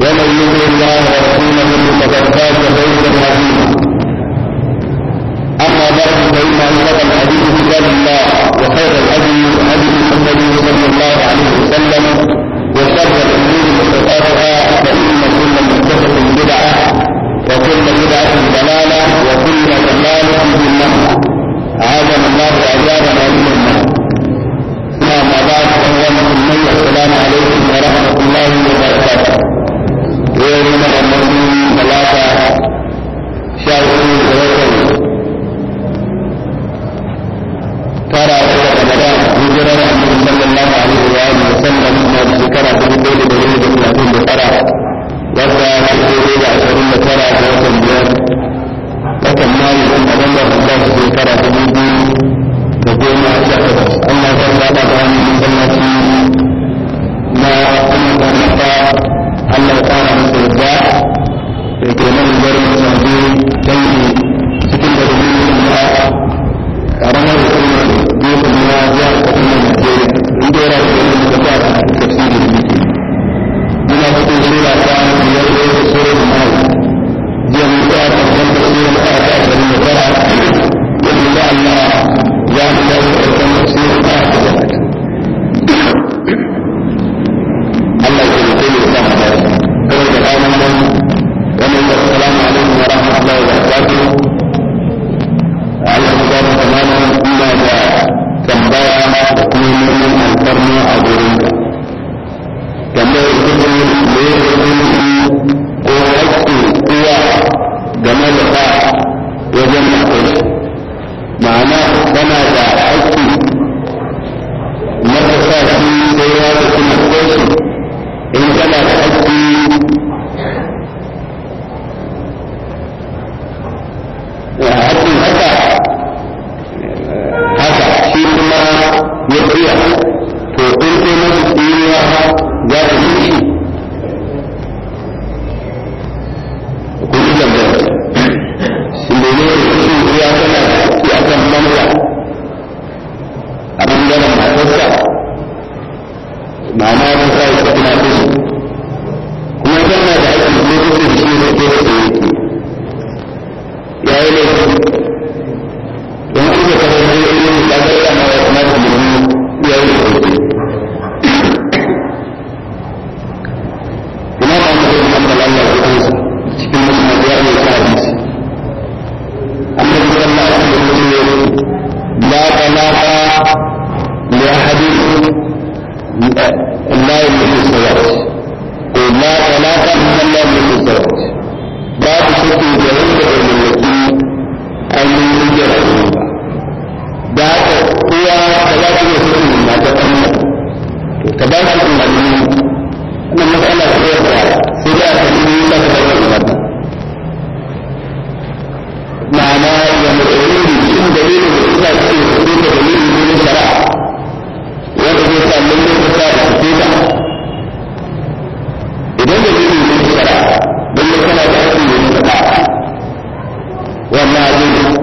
ومن يطع الله ورسوله فقد فاز فوزا عظيما اما بعد فان اصدق الحديث كتاب الله وخير الهدي هدي محمد صلى الله عليه وسلم وشر الامور محدثاتها فان كل محدثه بدعه وكل بدعه ضلاله وكل ضلاله في النار عاذنا الله وعذابنا من النار ثم ما بعد فهو السلام عليكم ورحمه الله وبركاته Thank you. والنازل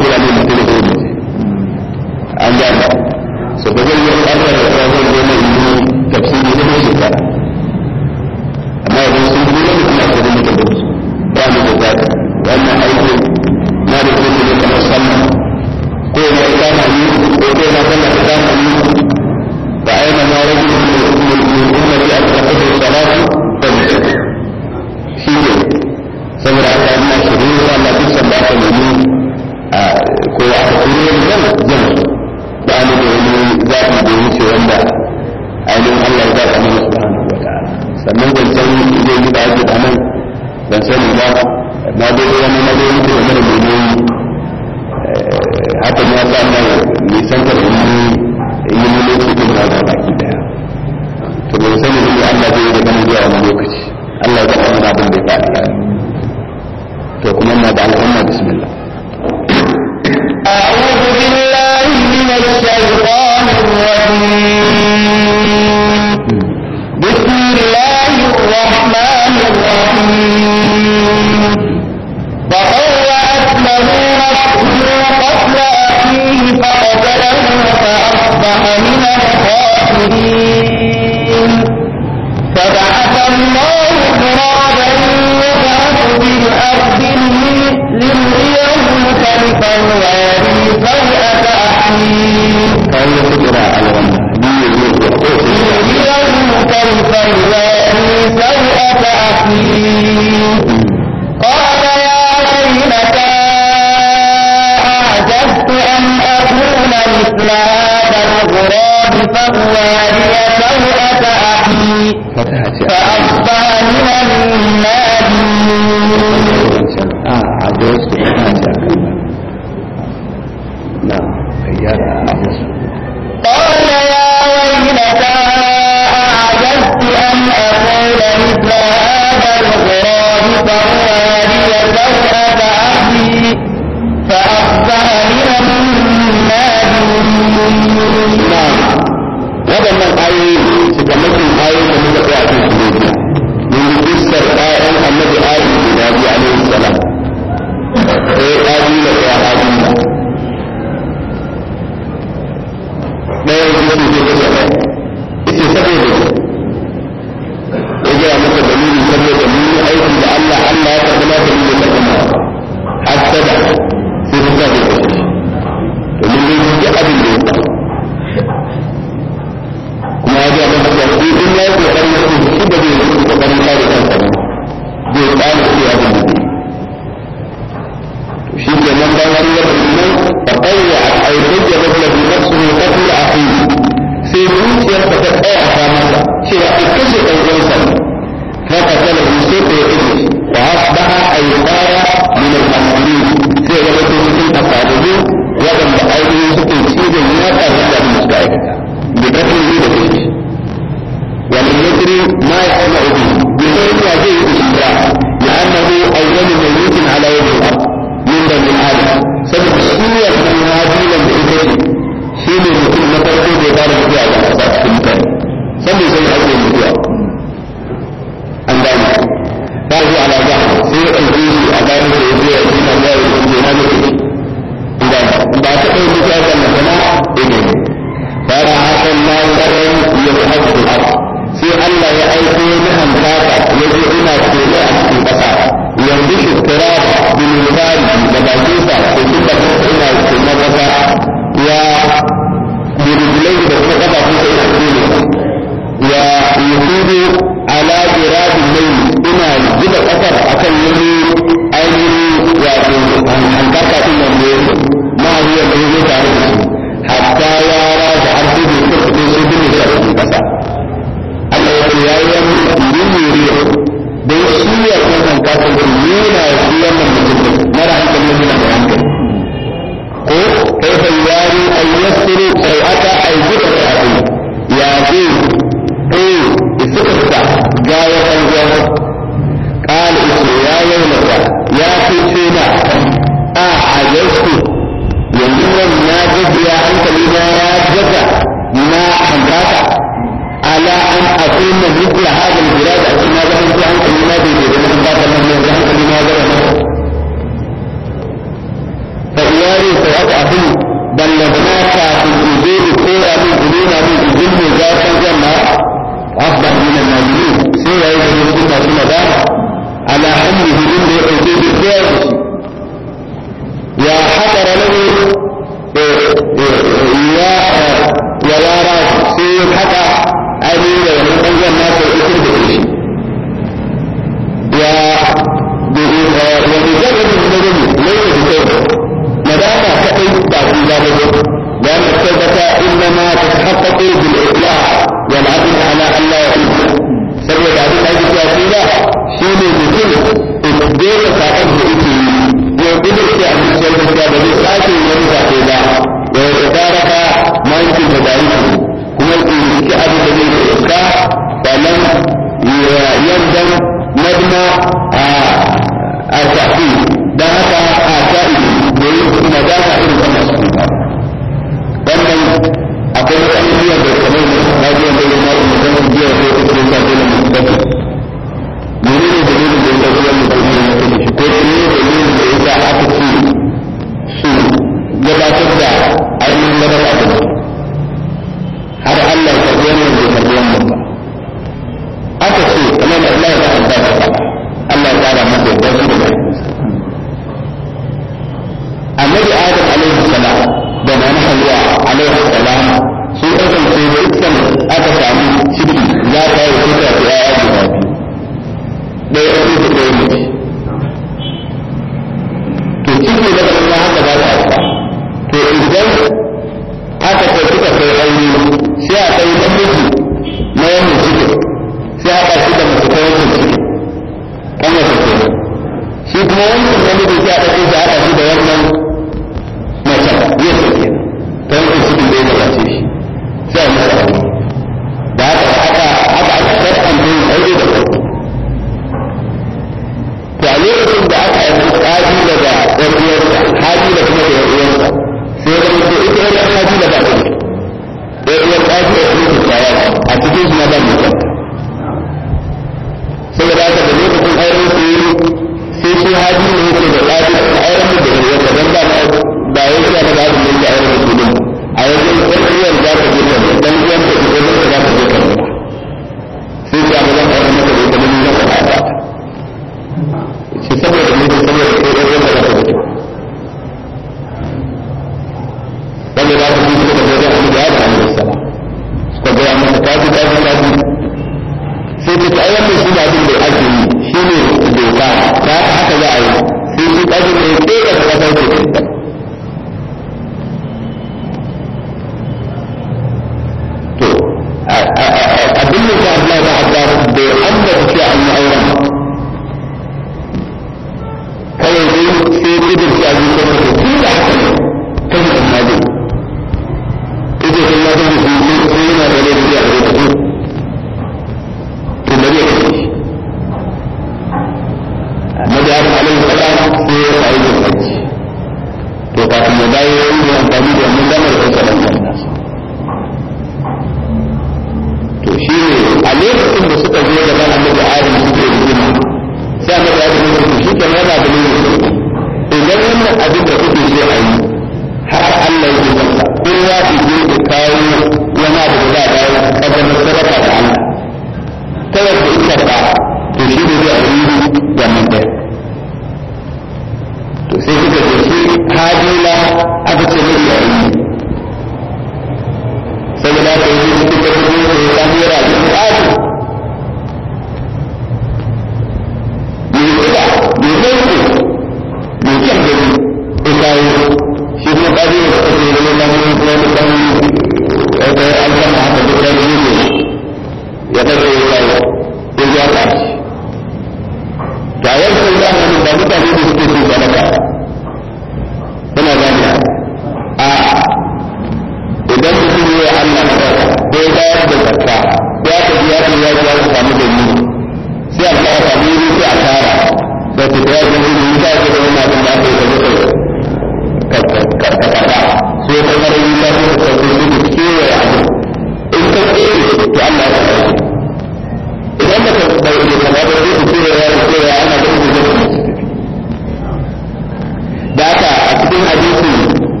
hadisin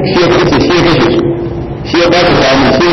sai ya kashe shi ya kashe su sai ya ba su samu sai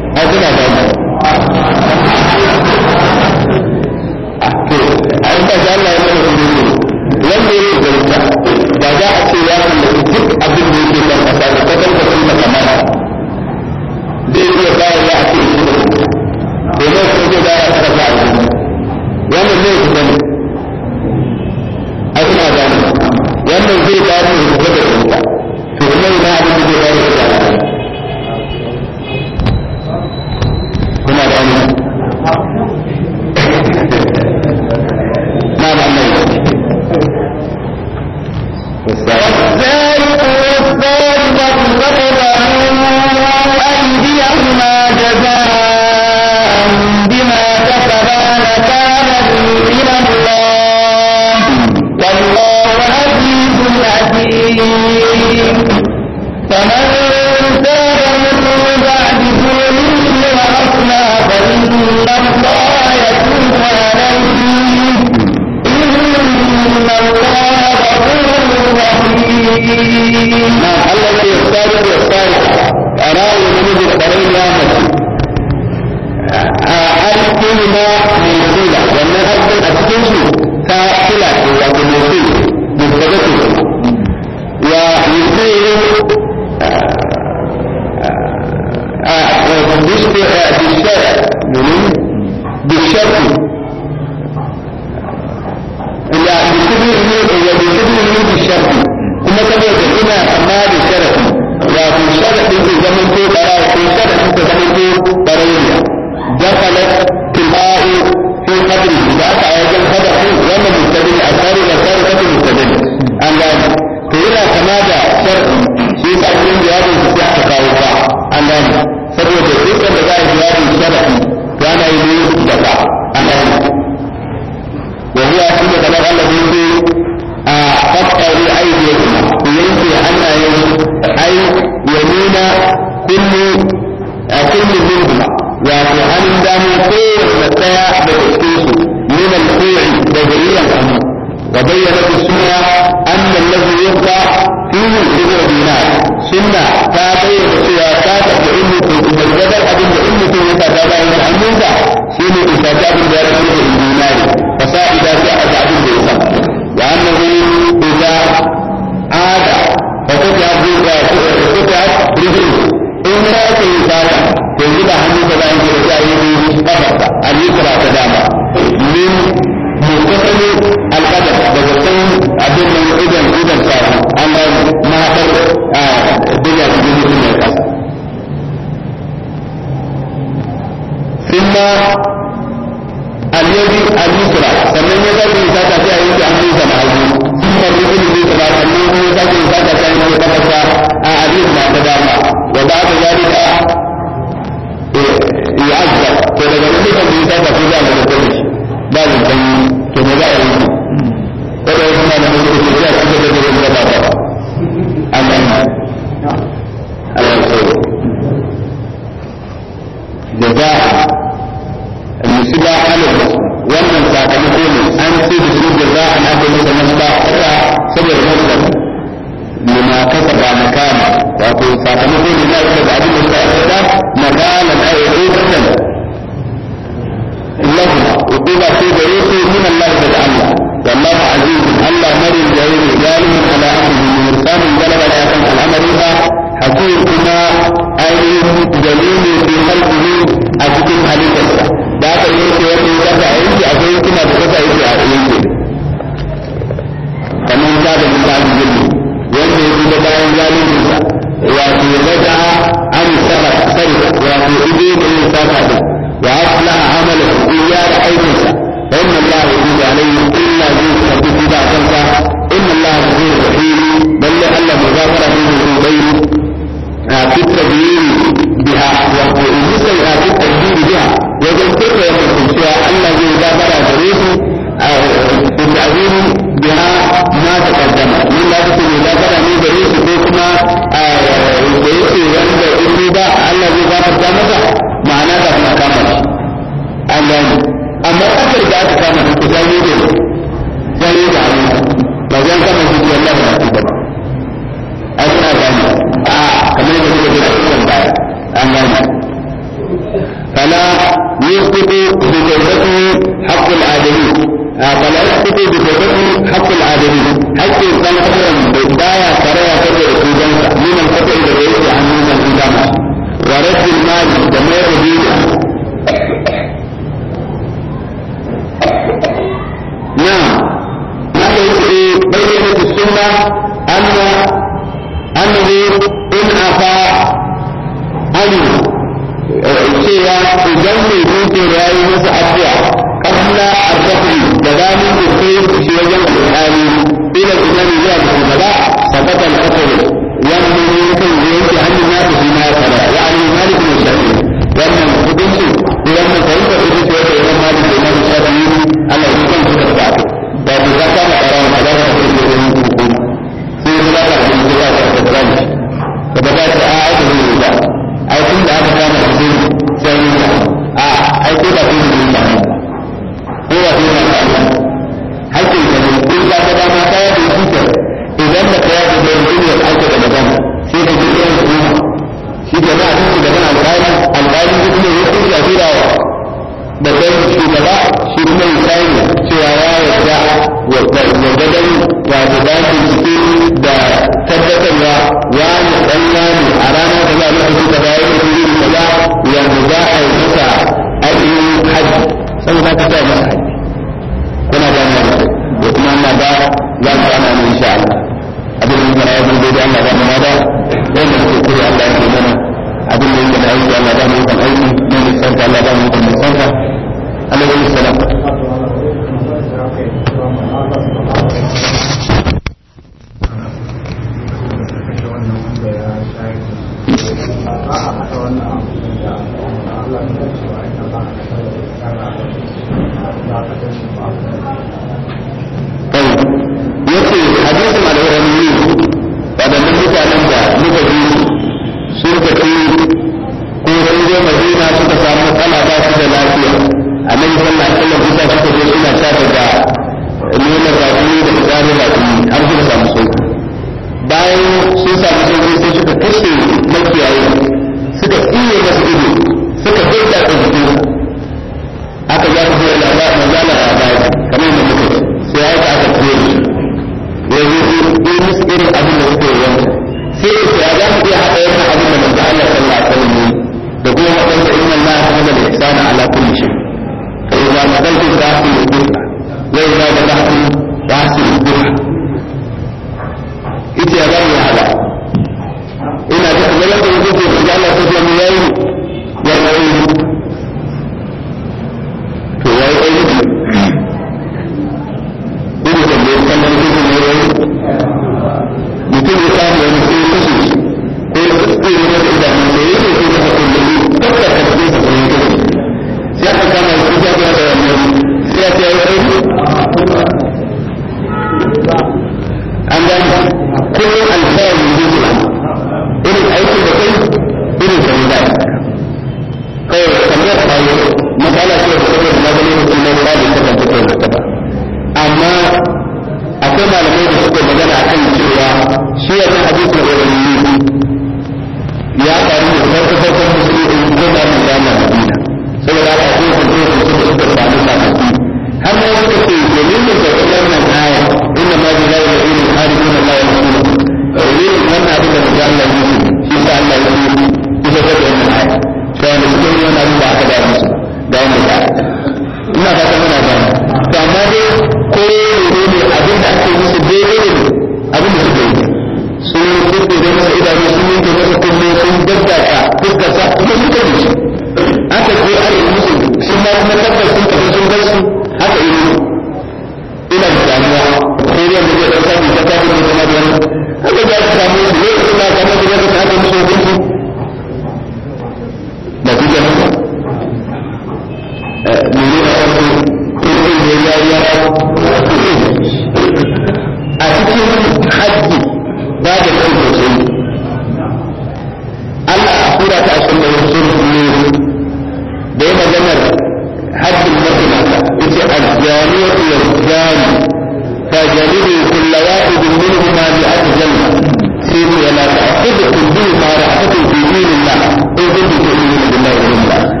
وجلدوا كل واحد منهما مئة جلدة سيكو ولا تعقبكم به مارحتكم في دين الله إن كنتم تؤمنون بالله واليوم الآخر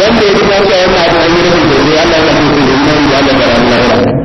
wanda ya kasa yana da ayyukan da ya Allah ya kafa da imani